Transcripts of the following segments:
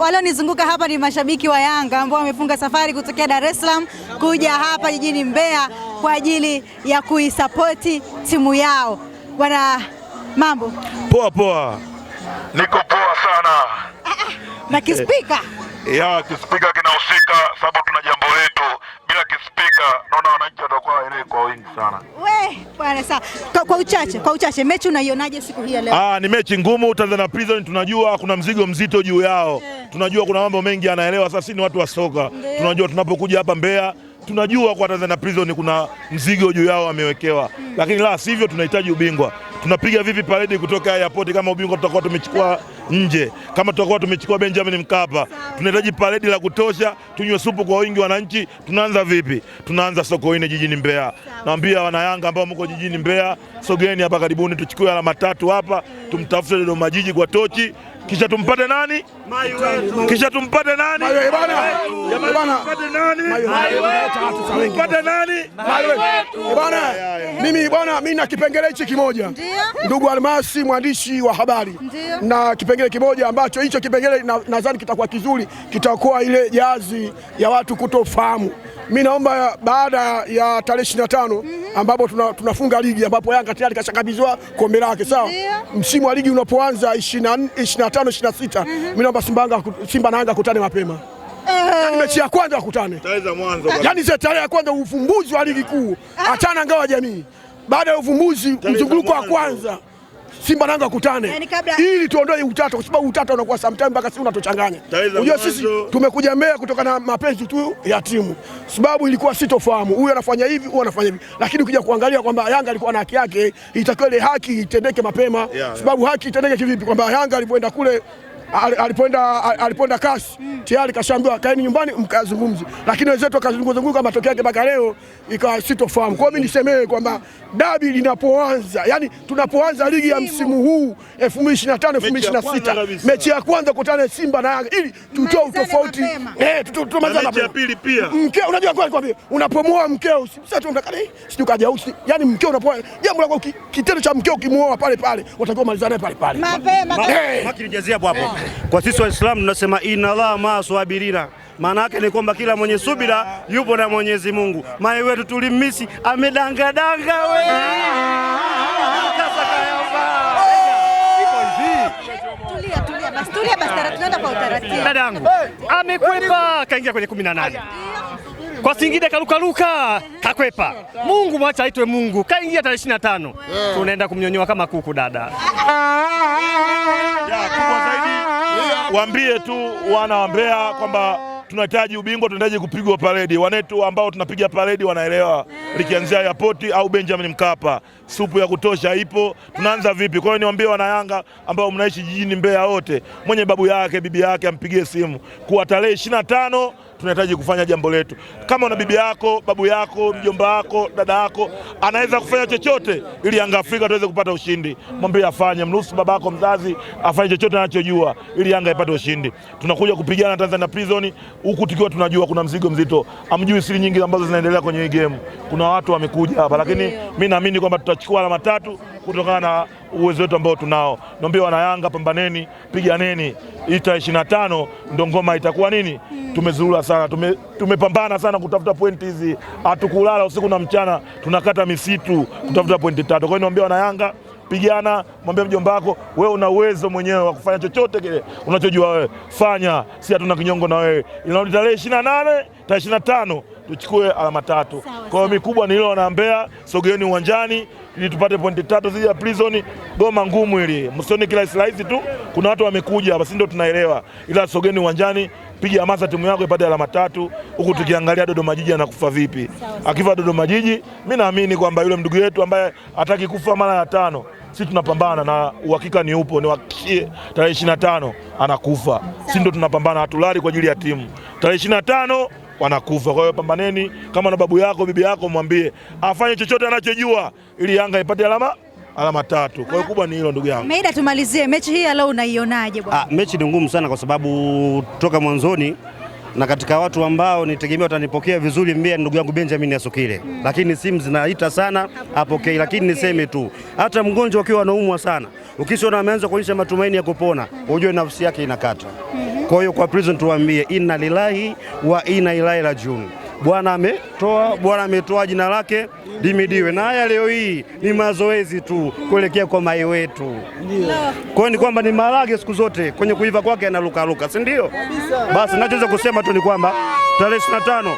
walionizunguka hapa ni mashabiki wa Yanga ambao wamefunga safari kutokea Dar es Salaam kuja hapa jijini Mbeya kwa ajili ya kuisapoti timu yao. Bwana, mambo poa? Poa, niko poa sana ah, ah. na kispika ya kispika kinahusika, sababu tuna jambo letu hakika naona wananchi watakuwa ile kwa wingi sana. We, bwana sawa. Kwa, kwa uchache, kwa uchache mechi unaionaje siku hii leo? Ah, ni mechi ngumu. Tanzania Prison tunajua kuna mzigo mzito juu yao. Yeah. Tunajua kuna mambo mengi anaelewa. Sasa sisi ni watu wa soka. Yeah. Tunajua tunapokuja hapa Mbeya tunajua kwa Tanzania Prison kuna mzigo juu yao amewekewa, mm. Lakini la sivyo tunahitaji ubingwa. Tunapiga vipi paredi kutoka airport kama ubingwa tutakuwa tumechukua nje. Kama tutakuwa tumechukua Benjamin Mkapa, tunahitaji paredi la kutosha, tunywe supu kwa wingi wananchi. Tunaanza vipi? Tunaanza Sokoine jijini Mbeya. Naambia wanayanga ambao mko jijini Mbeya, sogeni hapa karibuni, tuchukue alama tatu hapa, tumtafute Dodoma jiji kwa tochi, kisha tumpate nani kisha tumpate nani? Mimi bwana, mimi na kipengele hichi kimoja, ndugu Almasi, mwandishi wa habari, na kipengele kimoja ambacho hicho kipengele nadhani kitakuwa kizuri, kitakuwa ile jazi ya watu kutofahamu. mi naomba baada ya tarehe tano mhm. ambapo tunafunga tuna ligi ambapo Yanga tayari kashakabidhiwa kombe lake, sawa. Msimu wa ligi unapoanza 25 26 mhm. mimi naomba naomba Simba, Yanga, Simba na Yanga kutane mapema eh. yani mechi ya kwanza wakutane, yani ze tarehe ya kwanza ufumbuzi wa ligi kuu, eh. achana ngao ya jamii. Baada ya ufumbuzi, mzunguko wa kwanza Simba na Yanga wakutane eh, ili tuondoe utata, kwa sababu utata unakuwa sometimes mpaka sisi unatuchanganya. Unajua sisi tumekuja Mbeya kutoka na mapenzi tu ya timu, sababu ilikuwa sitofahamu, huyu anafanya hivi, huyu anafanya hivi, lakini ukija kuangalia kwamba Yanga alikuwa na haki yake, itakiwa ile haki itendeke mapema, sababu haki itendeke kivipi? Kwamba Yanga alivyoenda kule alipoenda alipoenda kasi tayari kashaambiwa kaeni nyumbani mkazungumze, lakini wenzetu wakazungumzunguka, matokeo yake mpaka leo ikawa sitofahamu. Kwa hiyo mimi nisemee kwamba dabi linapoanza, yani tunapoanza ligi ya msimu huu 2025 2026, mechi ya kwanza kutana Simba na Yanga ili tutoe utofauti eh, tutumaliza ya pili pia mkeo. Unajua kwa kwambia unapomoa mkeo sasa tunataka sijui kaja usi, yani mkeo unapoa jambo lako kitendo cha mkeo kimuoa pale pale, utakiwa malizana pale pale mapema, eh. hapo hapo eh. Kwa sisi Waislamu tunasema inna Allah maa swabirina, maana yake ni kwamba kila mwenye subira yupo na Mwenyezi Mungu. Mae wetu tulimisi amedangadanga dadangu amekwepa, kaingia kwenye kumi na nane kwa Singida kalukaluka kakwepa. Mungu mwacha aitwe Mungu, kaingia tarehe ishirini na tano tunaenda kumnyonyoa kama kuku dada waambie tu wana wa Mbeya kwamba tunahitaji ubingwa, tunahitaji kupigwa paredi. Wanetu ambao tunapiga paredi wanaelewa, likianzia yapoti au Benjamin Mkapa, supu ya kutosha ipo. Tunaanza vipi? Kwa hiyo niwaambie wana Yanga ambao mnaishi jijini Mbeya wote, mwenye babu yake bibi yake ampigie simu kuwa tarehe ishirini na tano tunahitaji kufanya jambo letu. Kama una bibi yako, babu yako, mjomba wako, dada yako, anaweza kufanya chochote ili Yanga Afrika tuweze kupata ushindi, mwambie afanye, mruhusu babako mzazi afanye chochote anachojua ili Yanga ipate ushindi. Tunakuja kupigana Tanzania Prison huku tukiwa tunajua kuna mzigo mzito, amjui siri nyingi ambazo zinaendelea kwenye hii game. Kuna watu wamekuja hapa, lakini mimi naamini kwamba tutachukua alama tatu kutokana na uwezo wetu ambao tunao. Naomba wana Yanga, pambaneni, piganeni. ita tarehe ishirini na tano ndo ngoma itakuwa nini? Hmm. Tumezurura sana, tume, tumepambana sana kutafuta pointi hizi, hatukulala usiku na mchana, tunakata misitu kutafuta pointi tatu. Kwa hiyo naomba wana Yanga pigana, mwambie mjomba wako, wewe una uwezo mwenyewe wa kufanya chochote kile unachojua wewe, fanya, si hatuna kinyongo na wewe. Inarudi tarehe ishirini na nane tarehe ishirini na tano tuchukue alama tatu. Kwa hiyo mikubwa ni ile wanaambea, sogeeni uwanjani ili tupate pointi tatu dhidi ya Prison. Goma ngumu ili msioni kila slice tu, kuna watu wamekuja basi ndio tunaelewa, ila sogeni uwanjani, piga hamasa timu yako ipate alama tatu, huku tukiangalia Dodoma Jiji anakufa vipi. Akifa Dodoma Jiji, mi naamini kwamba yule ndugu yetu ambaye hataki kufa mara ya tano si tunapambana na uhakika ni upo, niwahakikishie tarehe ishirini na tano anakufa. si ndo tunapambana, hatulali kwa ajili ya timu. Tarehe ishirini na tano wanakufa. Kwa hiyo pambaneni, kama na babu yako bibi yako mwambie afanye chochote anachojua ili Yanga ipate alama alama tatu. Kwa hiyo kubwa ni hilo ndugu yangu. Meida, tumalizie mechi hii leo, unaionaje bwana? Ah, mechi ni ngumu sana kwa sababu toka mwanzoni na katika watu ambao nitegemea watanipokea vizuri mbia ndugu yangu Benjamin Asukile hmm. Lakini simu zinaita sana apokei, lakini niseme tu hata mgonjwa akiwa anaumwa sana, ukisiona ameanza kuonyesha matumaini ya kupona hmm. ujue nafsi yake inakata. Hmm. Kwa hiyo kwa prison tuambie inna lilahi wa inna ilaihi rajiun. Bwana ametoa, Bwana ametoa, jina lake limidiwe. Na haya leo hii ni mazoezi tu kuelekea kwa mai wetu. Kwa hiyo ni kwamba ni maharage siku zote kwenye kuiva kwake yanalukaluka, si ndio? Basi nachoweza kusema tu ni kwamba tarehe 25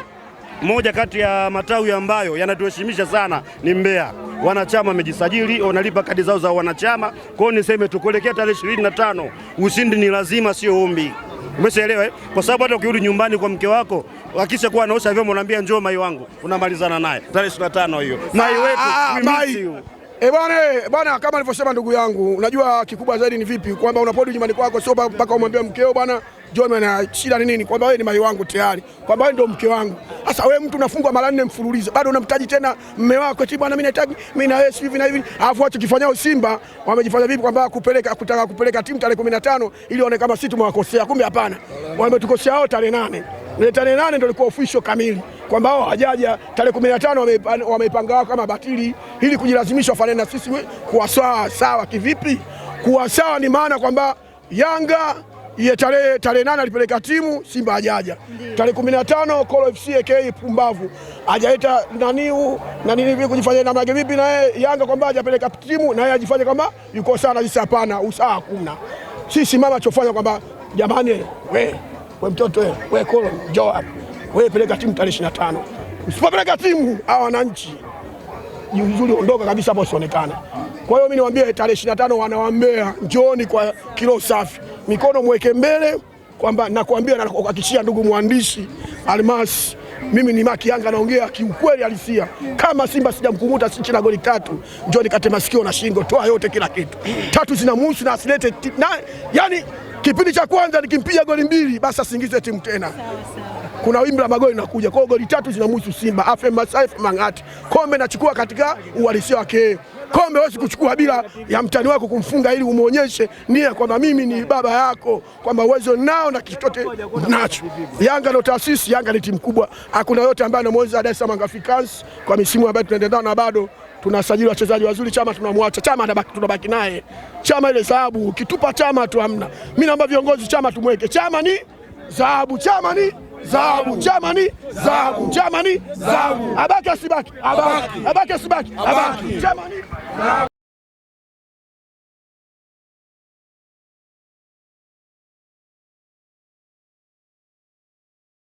moja kati ya matawi ambayo yanatuheshimisha sana ni Mbeya. Wanachama wamejisajili, wanalipa kadi zao za wanachama. Kwa hiyo niseme tu kuelekea tarehe ishirini na tano ushindi ni lazima, sio ombi. Umeshaelewa eh? Kwa sababu hata ukirudi nyumbani kwa mke wako akisha kuwa anaosha vyombo unaambia njoo mai wangu, unamalizana naye tarehe 25 hiyo. Mai wetu ah, Eh, bwana eh, bwana, kama alivyosema ndugu yangu, unajua kikubwa zaidi ni vipi kwamba unapodi nyumbani kwako, sio mpaka umwambie mkeo bwana John na shida ni nini, kwamba wewe ni mai wangu tayari, kwamba wewe ndio mke wangu. Sasa wewe mtu unafungwa mara nne mfululizo, bado unamtaji tena mume wako eti bwana, mimi nahitaji mimi na wewe hivi na hivi, alafu acho kifanyao Simba wamejifanya vipi kwamba kupeleka kutaka kupeleka timu tarehe 15 ili waone kama sisi tumewakosea, kumbe hapana, wametukosea wao tarehe nane ile tarehe nane ndio ilikuwa official kamili kwamba wao hajaja tarehe 15 wameipanga wao kama batili, ili kujilazimisha wafanye na sisi kuwa sawa sawa. Kivipi kuwa sawa? Ni maana kwamba Yanga Iye tarehe tarehe nane alipeleka timu Simba hajaja. Tarehe kumi na tano Kolo FC AK Pumbavu hajaleta nani huu na nini vipi kujifanya na mage vipi na yeye Yanga kwamba hajapeleka timu na yeye ajifanye kama yuko sana sisi hapana usaha hakuna. Sisi mama chofanya kwamba jamani we we mtoto we, we Kolo njoo hapa. Wewe peleka timu tarehe 25. Usipopeleka timu hawa wananchi uzuri ondoka kabisa hapo usionekana. Kwa hiyo mimi niwaambie tarehe 25 wanawaambia njooni kwa kilo safi mikono mweke mbele, kwamba nakwambia na kuhakikishia ndugu mwandishi Almasi, mimi ni Maki Yanga naongea kiukweli halisia. Kama Simba sijamkumuta si na goli tatu, njoo nikate masikio na shingo, toa yote, kila kitu. Tatu zinamuhusu na asilete na, yani kipindi cha kwanza nikimpiga goli mbili, basi asiingize timu tena. Kuna wimbi la magoli nakuja kwao, goli tatu zinamuhusu Simba. afe masaifu mangati kombe nachukua katika uhalisia wake. Kombe wewe kuchukua bila ya mtani wako kumfunga, ili umwonyeshe nia kwamba mimi ni baba yako, kwamba uwezo nao na kitu chote nacho. Yanga ndio taasisi, Yanga ni timu kubwa, hakuna yote ambaye anamweza Dar es Salaam Africans kwa misimu ambayo tunaendelea na bado tunasajili wachezaji wazuri. Chama tunamwacha Chama, tunabaki naye Chama ile sababu, ukitupa Chama tu hamna. Mimi naomba viongozi Chama tumweke Chama ni sababu, Chama ni Zahabu. Chamani zahabu. Chamani zahabu. Abaki asibaki. Abaki. Abaki asibaki. Abaki. Chamani zahabu.